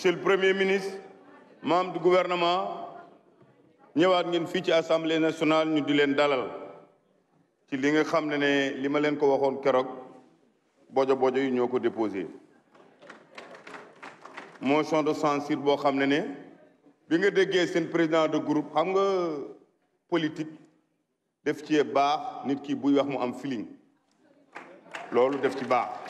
monsieur le premier ministre membre du gouvernement ñëwaat ngeen fii ci assemblée nationale ñu di leen dalal ci li nga xam ne ne li ma leen ko waxoon keroog bojo bojo yi ñoo ko déposé motion de censure boo xam ne ne bi nga déggee seen président de groupe xam nga politique def ci baax nit ki buy wax mu am feeling loolu def ci baax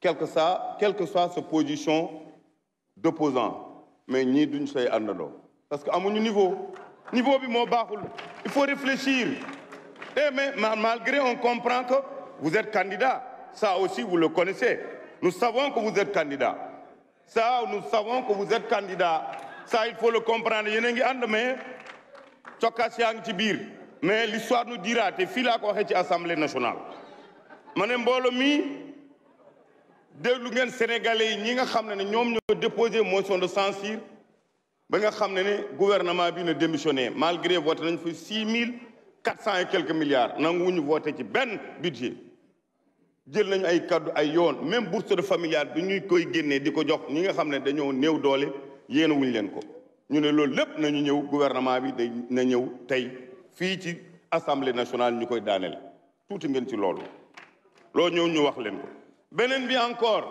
quel que ça quelle que soit sa position d'opposant mais ñii duñ say àndandoo parce que amuñu niveau niveau bi moo baaxul il faut réfléchir et eh, mais malgré on comprend que vous êtes candidat ça aussi vous le connaissez nous savons que vous êtes candidat ça nous savons que il faut le comprendre yéen a ngi ànd mais cokkaas yaa ngi ci biir mais l'histoire nous dira te fii laa ko ci assemblée nationale ma ne mbooloo mi déglu ngeen sénégalais yi ñi nga xam ne ne ñoom ñoo déposé motion de censure ba nga xam ne ne gouvernement bi na démissionné malgré voté nañ fi six mille quatre cent et quelques milliards nanguwuñu voté ci benn budget jël nañu ay kaddu ay yoon même bourse de familiale bi ñuy koy génnee di ko jox ñi nga xam ne dañoo néew doole yéen wuñu leen ko ñu ne loolu lépp nañu ñëw gouvernement bi day na ñëw tey fii ci assemblée nationale ñu koy daaneel tuuti ngeen ci loolu loolu ñëw ñu wax leen beneen bi encore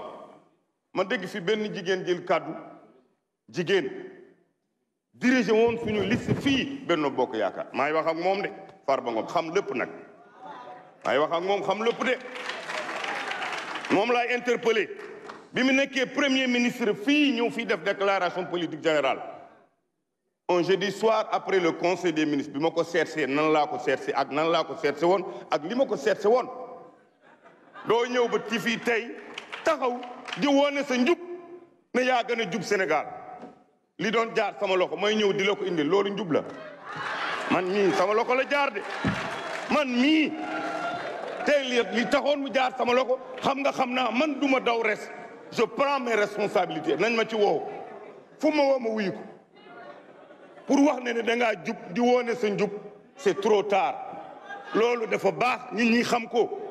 ma dégg fi benn jigéen jël kàddu jigéen dirigé woon suñu liste fii Benno Bokk Yaakaar maay wax ak moom de Farba Ngom xam lépp nag maay wax ak moom xam lépp de moom laay interpellé bi mu nekkee premier ministre fii ñëw fii def déclaration politique général un jeudi soir après le conseil des ministres bi ma ko seetsee nan laa ko seetsee ak nan laa ko seetsee woon ak li ma ko seetsee woon doo ñëw ba ci fii tey taxaw di woone sa njub ne yaa gën a jub Sénégal li doon jaar sama loxo mooy ñëw di la ko indi loolu njub la man mii sama loxo la jaar de man mii tey li li taxoon mu jaar sama loxo xam nga xam naa man duma daw res je prends mes nañ ma ci woow fu ma woo ma pour wax ne ne dangaa jub di woone sa njub c'est trop taar loolu dafa baax nit ñi xam ko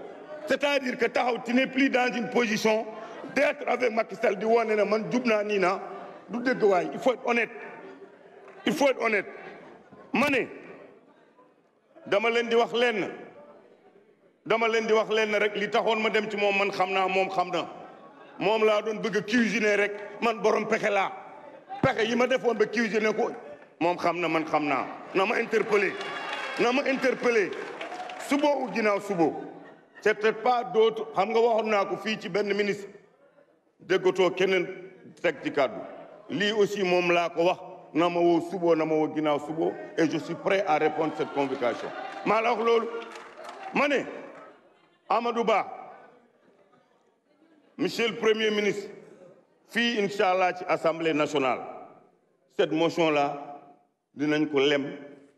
c'est-à-dire que taxaw ti ne plus dans une position d'être avec Macky Sall di wane na man jub naa nii na du dëgg waay il faut honnête il faut être honnête ma ne dama leen di wax lenn dama leen di wax lenn rek li taxoon ma dem ci moom man xam naa moom xam na moom laa doon bëgg a cuisiner rek man borom pexe laa pexe yi ma defoon ba cuisiner ko moom xam na man xam naa na ma interpellé na ma interpellé suboo u ginnaaw suboo c'est peut-être pas d'autres xam nga waxoon naa ko fii ci benn ministre déggatoo keneen teg ci kàddu lii aussi moom laa ko wax na ma woo suboo na ma woo ginnaaw suboo et je suis prêt à répondre cette convocation maa la wax loolu ma ne Amadou Ba monsieur premier ministre fii incha allah ci assemblée nationale cette motion la dinañ ko lem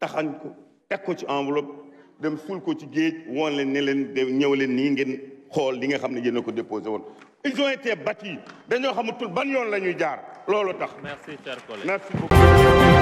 taxañ ko teg ko ci enveloppe dem suul ko ci géej woon leen ni leen de ñëw leen nii ngeen xool li nga xam ne yéen ko déposé woon ils ont été battus dañoo xamatul ban yoon la ñuy jaar loolu tax merci cher collègue merci beaucoup